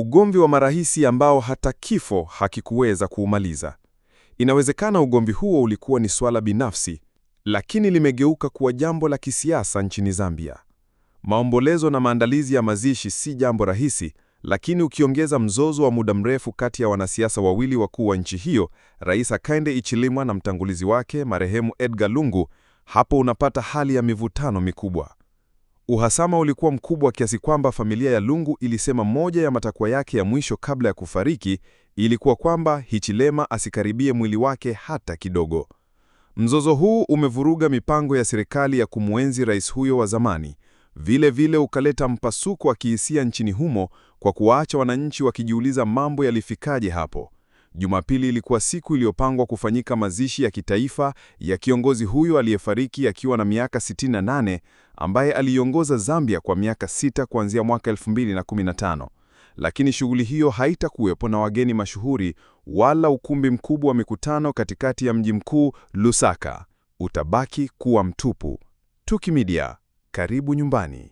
ugomvi wa marahisi ambao hata kifo hakikuweza kuumaliza. Inawezekana ugomvi huo ulikuwa ni swala binafsi, lakini limegeuka kuwa jambo la kisiasa nchini Zambia. Maombolezo na maandalizi ya mazishi si jambo rahisi, lakini ukiongeza mzozo wa muda mrefu kati ya wanasiasa wawili wakuu wa nchi hiyo, Rais Hakainde Hichilema na mtangulizi wake marehemu Edgar Lungu, hapo unapata hali ya mivutano mikubwa. Uhasama ulikuwa mkubwa kiasi kwamba familia ya Lungu ilisema moja ya matakwa yake ya mwisho kabla ya kufariki ilikuwa kwamba Hichilema asikaribie mwili wake hata kidogo. Mzozo huu umevuruga mipango ya serikali ya kumwenzi rais huyo wa zamani. Vile vile ukaleta mpasuko wa kihisia nchini humo kwa kuwaacha wananchi wakijiuliza mambo yalifikaje hapo. Jumapili ilikuwa siku iliyopangwa kufanyika mazishi ya kitaifa ya kiongozi huyo aliyefariki akiwa na miaka 68, ambaye aliiongoza Zambia kwa miaka sita kuanzia mwaka 2015. Lakini shughuli hiyo haitakuwepo na wageni mashuhuri wala ukumbi mkubwa wa mikutano katikati ya mji mkuu Lusaka. Utabaki kuwa mtupu. Tuki Media, karibu nyumbani.